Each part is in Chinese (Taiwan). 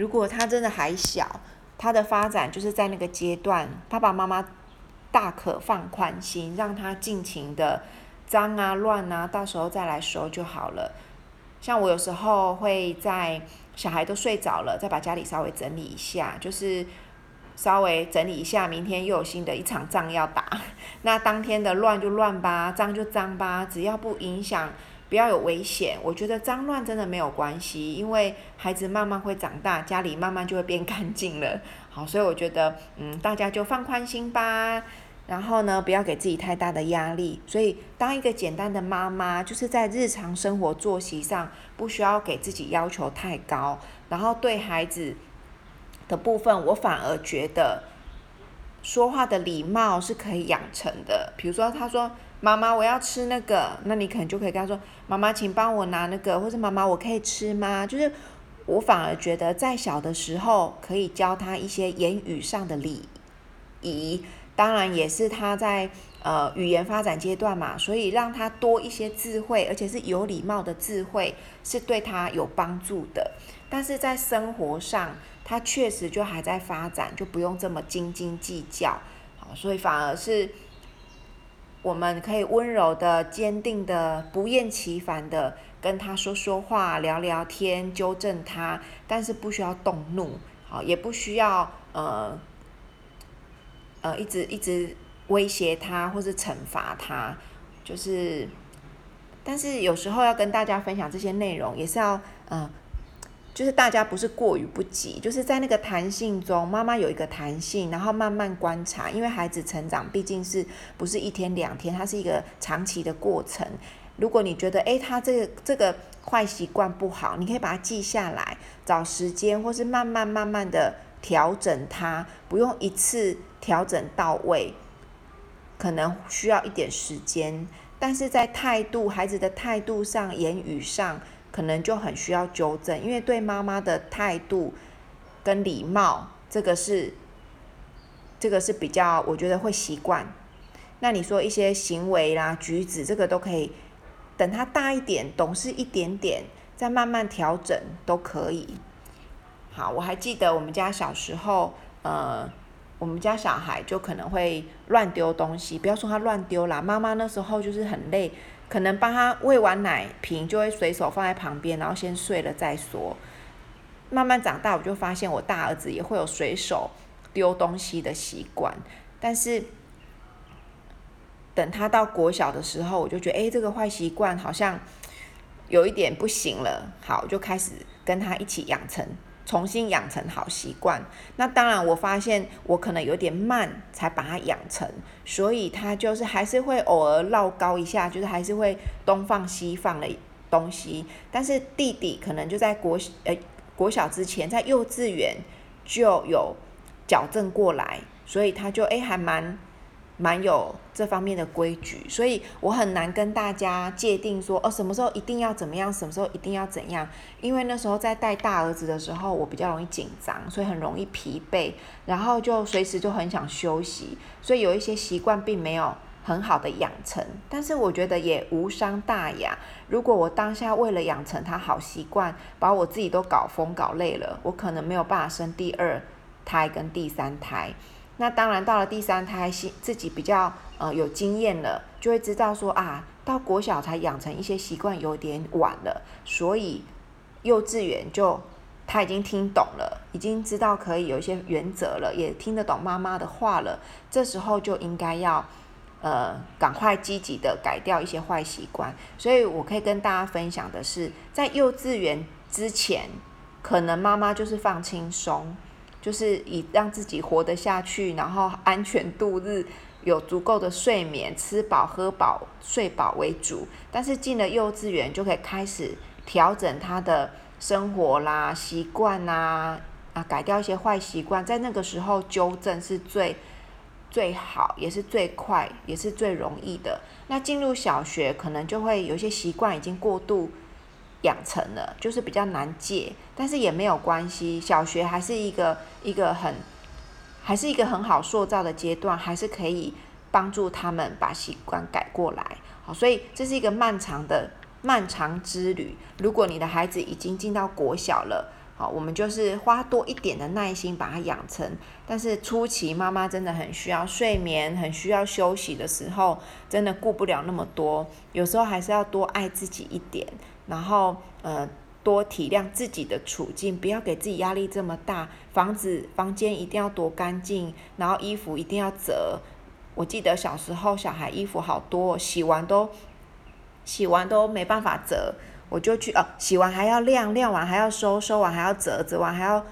如果他真的還小，他的發展就是在那個階段，爸爸媽媽大可放寬心，讓他盡情的髒啊亂啊，到時候再來收就好了。像我有時候會在小孩都睡着了，再把家裡稍微整理一下，就是稍微整理一下，明天又有新的一場仗要打，那當天的亂就亂吧，髒就髒吧，只要不影響。不要有危險，我覺得髒亂真的沒有關係，因為孩子慢慢會長大，家裡慢慢就會變乾淨了。好，所以我覺得，嗯，大家就放寬心吧。然後呢，不要給自己太大的壓力。所以當一個簡單的媽媽，就是在日常生活作息上，不需要給自己要求太高。然後對孩子的部分，我反而覺得說話的禮貌是可以養成的。比如說，他說。媽媽，我要吃那個，那你可能就可以跟他說：“媽媽，請幫我拿那個，或是媽媽，我可以吃嗎？”就是我反而覺得，在小的時候可以教他一些言語上的禮儀，當然也是他在呃語言發展階段嘛，所以讓他多一些智慧，而且是有禮貌的智慧，是對他有幫助的。但是在生活上，他確實就還在發展，就不用這麼斤斤計較，好，所以反而是。我們可以溫柔的、堅定的、不厭其煩的跟他說說話、聊聊天、糾正他，但是不需要動怒，好，也不需要呃呃一直一直威脅他或是懲罰他，就是，但是有時候要跟大家分享這些內容，也是要嗯。呃就是大家不是過於不及，就是在那個彈性中，媽媽有一個彈性，然後慢慢觀察，因為孩子成長畢竟是不是一天兩天，它是一個長期的過程。如果你覺得誒，他這個這個壞習慣不好，你可以把它記下來，找時間，或是慢慢慢慢地調整它，不用一次調整到位，可能需要一點時間，但是在態度，孩子的態度上，言語上。可能就很需要糾正，因為對媽媽的態度跟禮貌，這個是，這個是比較，我覺得會習慣。那你說一些行為啦、舉止，這個都可以，等他大一點、懂事一點點，再慢慢調整都可以。好，我還記得我們家小時候，呃。我們家小孩就可能會亂丟東西，不要說他亂丟啦。媽媽那時候就是很累，可能幫他餵完奶瓶就會隨手放在旁邊，然後先睡了再說。慢慢長大，我就發現我大兒子也會有隨手丟東西的習慣，但是等他到國小的時候，我就覺得哎，這個壞習慣好像有一點不行了，好，我就開始跟他一起養成。重新養成好習慣，那當然我發現我可能有點慢才把它養成，所以他就是還是會偶爾繞高一下，就是還是會東放西放的東西。但是弟弟可能就在國呃國小之前，在幼稚園就有矯正過來，所以他就哎、欸、還蠻。蠻有這方面的規矩，所以我很難跟大家界定說，哦，什麼時候一定要怎麼樣，什麼時候一定要怎樣。因為那時候在帶大兒子的時候，我比較容易緊張，所以很容易疲憊，然後就隨時就很想休息，所以有一些習慣並沒有很好的養成。但是我覺得也無傷大雅。如果我當下為了養成他好習慣，把我自己都搞瘋搞累了，我可能沒有辦法生第二胎跟第三胎。那當然，到了第三胎，自己比較呃有經驗了，就會知道說啊，到國小才養成一些習慣有點晚了，所以幼稚園就他已經聽懂了，已經知道可以有一些原則了，也聽得懂媽媽的話了。這時候就應該要呃趕快積極的改掉一些壞習慣。所以我可以跟大家分享的是，在幼稚園之前，可能媽媽就是放輕鬆。就是以讓自己活得下去，然後安全度日，有足夠的睡眠、吃飽、喝飽、睡飽為主。但是進了幼稚園，就可以開始調整他的生活啦、習慣啦，啊，改掉一些壞習慣，在那個時候糾正是最最好，也是最快，也是最容易的。那進入小學，可能就會有一些習慣已經過度。養成了，就是比較難戒，但是也沒有關係。小學還是一個一個很，還是一個很好塑造的階段，還是可以幫助他們把習慣改過來。好，所以這是一個漫長的漫長之旅。如果你的孩子已經進到國小了。好，我們就是花多一點的耐心把它養成。但是初期媽媽真的很需要睡眠，很需要休息的時候，真的顧不了那麼多。有時候還是要多愛自己一點，然後呃，多體諒自己的處境，不要給自己壓力這麼大。房子，房間一定要多乾淨，然後衣服一定要折。我記得小時候小孩衣服好多，洗完都，洗完都沒辦法折。我就去哦、啊，洗完還要晾，晾完還要收，收完還要折，折完還要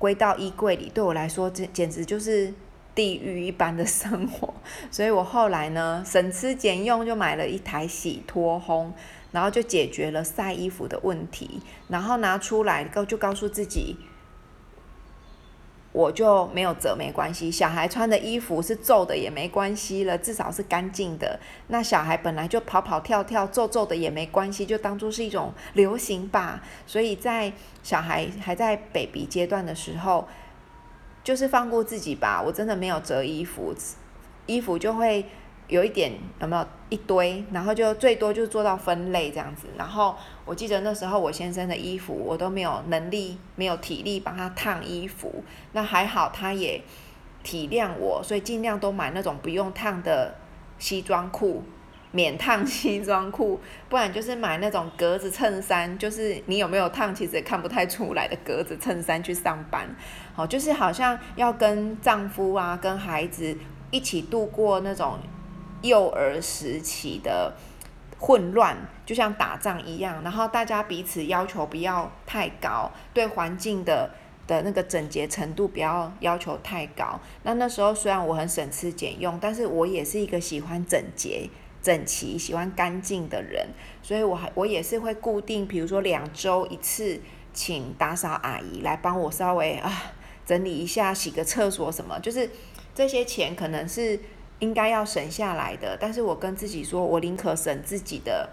歸到衣櫃裡。對我來說，簡簡直就是地獄一般的生活。所以我後來呢，省吃儉用就買了一台洗脫烘，然後就解決了曬衣服的問題。然後拿出來告，就告訴自己。我就沒有折，沒關係。小孩穿的衣服是皺的也沒關係了，至少是乾淨的。那小孩本來就跑跑跳跳，皺皺的也沒關係，就當做是一種流行吧。所以在小孩還在 baby 階段的時候，就是放過自己吧。我真的沒有折衣服，衣服就會。有一點有沒有一堆，然後就最多就做到分類這樣子。然後我記得那時候我先生的衣服，我都沒有能力、沒有體力幫他燙衣服。那還好他也體諒我，所以盡量都買那種不用燙的西裝褲、免燙西裝褲，不然就是買那種格子襯衫，就是你有沒有燙其實也看不太出來的格子襯衫去上班。好，就是好像要跟丈夫啊、跟孩子一起度過那種。幼兒時期的混亂就像打仗一樣，然後大家彼此要求不要太高，對環境的的那個整潔程度不要要求太高。那那時候雖然我很省吃儉用，但是我也是一個喜歡整潔、整齊、喜歡乾淨的人，所以我還我也是會固定，比如說兩周一次請打掃阿姨來幫我稍微啊整理一下、洗個廁所什麼，就是這些錢可能是。應該要省下來的，但是我跟自己說，我寧可省自己的，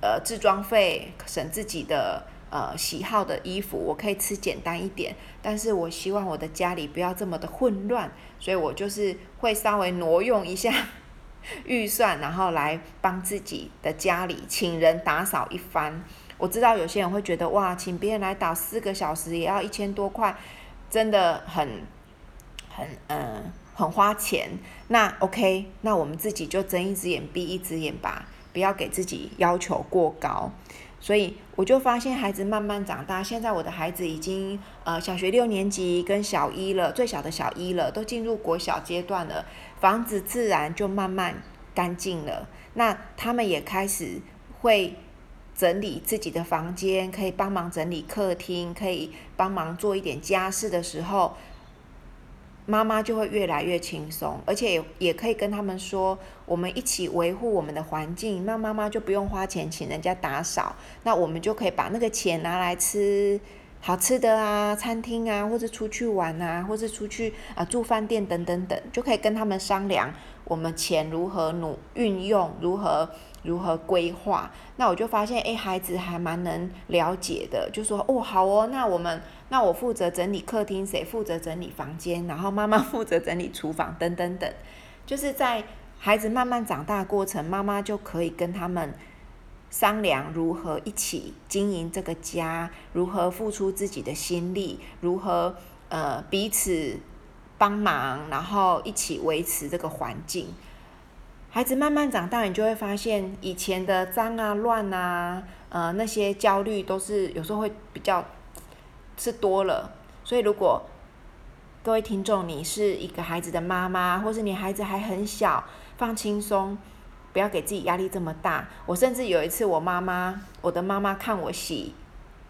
呃，制裝費，省自己的呃喜好的衣服，我可以吃簡單一點，但是我希望我的家裡不要這麼的混亂，所以我就是會稍微挪用一下 預算，然後來幫自己的家裡請人打掃一番。我知道有些人會覺得哇，請別人來打四個小時也要一千多塊，真的很，很嗯。呃很花錢，那 OK，那我們自己就睜一隻眼閉一隻眼吧，不要給自己要求過高。所以我就發現孩子慢慢長大，現在我的孩子已經呃小學六年級跟小一了，最小的小一了，都進入國小階段了，房子自然就慢慢乾淨了。那他們也開始會整理自己的房間，可以幫忙整理客廳，可以幫忙做一點家事的時候。媽媽就會越來越輕鬆，而且也也可以跟他們說，我們一起維護我們的環境，那媽媽就不用花錢請人家打掃，那我們就可以把那個錢拿來吃好吃的啊，餐廳啊，或者出去玩啊，或者出去啊、呃、住飯店等等等，就可以跟他們商量我們錢如何努運用，如何如何規劃。那我就發現，哎、欸，孩子還蠻能了解的，就說哦好哦，那我們那我負責整理客廳，誰負責整理房間，然後媽媽負責整理廚房等等等，就是在孩子慢慢長大過程，媽媽就可以跟他們。商量如何一起經營這個家，如何付出自己的心力，如何呃彼此幫忙，然後一起維持這個環境。孩子慢慢長大，你就會發現以前的髒啊、亂啊，呃那些焦慮都是有時候會比較是多了。所以如果各位聽眾，你是一個孩子的媽媽，或是你孩子還很小，放輕鬆。不要給自己壓力這麼大。我甚至有一次，我媽媽，我的媽媽看我洗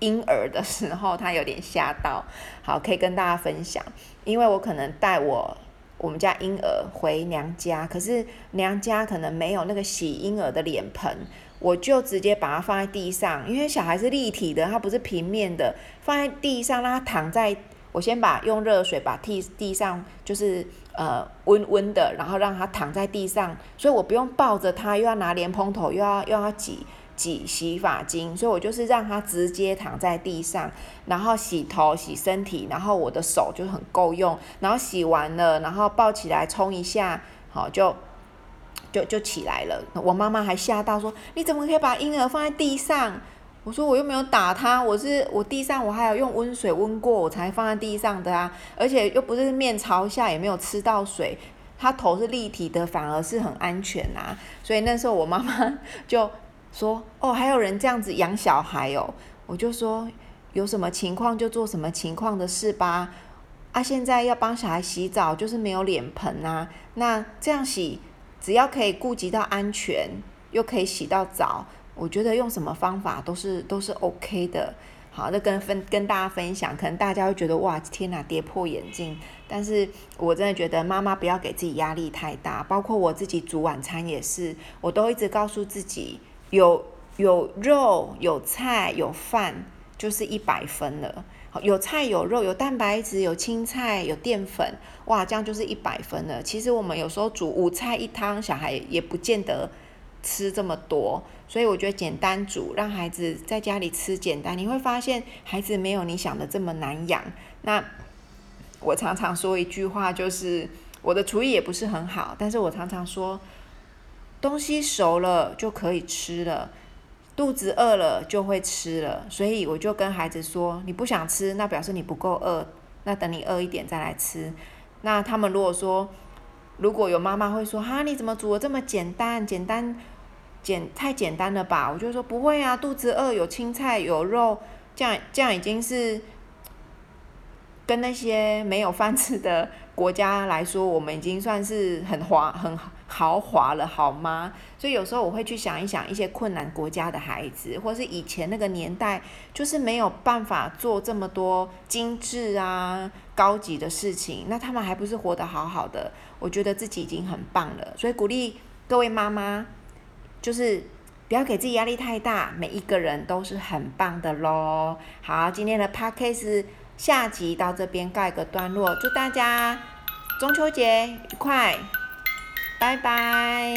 嬰兒的時候，她有點嚇到。好，可以跟大家分享，因為我可能帶我我們家嬰兒回娘家，可是娘家可能沒有那個洗嬰兒的臉盆，我就直接把它放在地上，因為小孩是立體的，它不是平面的，放在地上讓他躺在。我先把用熱水把地地上就是呃溫溫的，然後讓他躺在地上，所以我不用抱着他，又要拿蓮蓬頭，又要又要擠擠洗髮精，所以我就是讓他直接躺在地上，然後洗頭洗身體，然後我的手就很夠用，然後洗完了，然後抱起來沖一下，好，就就就起來了。我媽媽還嚇到說：你怎麼可以把嬰兒放在地上？我說我又沒有打他，我是我地上我還要用溫水溫過我才放在地上的啊，而且又不是面朝下，也沒有吃到水，他頭是立體的，反而是很安全啊。所以那時候我媽媽就說：“哦，還有人這樣子養小孩哦。”我就說：“有什麼情況就做什麼情況的事吧。”啊，現在要幫小孩洗澡，就是沒有臉盆啊，那這樣洗只要可以顧及到安全，又可以洗到澡。我覺得用什麼方法都是都是 OK 的。好，那跟分跟大家分享，可能大家會覺得哇，天哪，跌破眼鏡。但是我真的覺得媽媽不要給自己壓力太大，包括我自己煮晚餐也是，我都一直告訴自己，有有肉有菜有飯就是一百分了。有菜有肉有蛋白質有青菜有澱粉，哇，這樣就是一百分了。其實我們有時候煮五菜一湯，小孩也不見得吃這麼多。所以我覺得簡單煮，讓孩子在家裡吃簡單，你會發現孩子沒有你想的這麼難養。那我常常說一句話，就是我的廚藝也不是很好，但是我常常說，東西熟了就可以吃了，肚子餓了就會吃了。所以我就跟孩子說，你不想吃，那表示你不夠餓，那等你餓一點再來吃。那他們如果說，如果有媽媽會說，哈，你怎麼煮得這麼簡單？簡單。簡太簡單了吧？我就說不會啊，肚子餓，有青菜，有肉，這樣這樣已經是跟那些沒有飯吃的國家來說，我們已經算是很華很豪華了，好嗎？所以有時候我會去想一想一些困難國家的孩子，或是以前那個年代，就是沒有辦法做這麼多精緻啊、高級的事情，那他們還不是活得好好的，我覺得自己已經很棒了，所以鼓勵各位媽媽。就是不要給自己壓力太大，每一個人都是很棒的嘍。好，今天的 podcast 下集到這邊告一個段落，祝大家中秋節愉快，拜拜。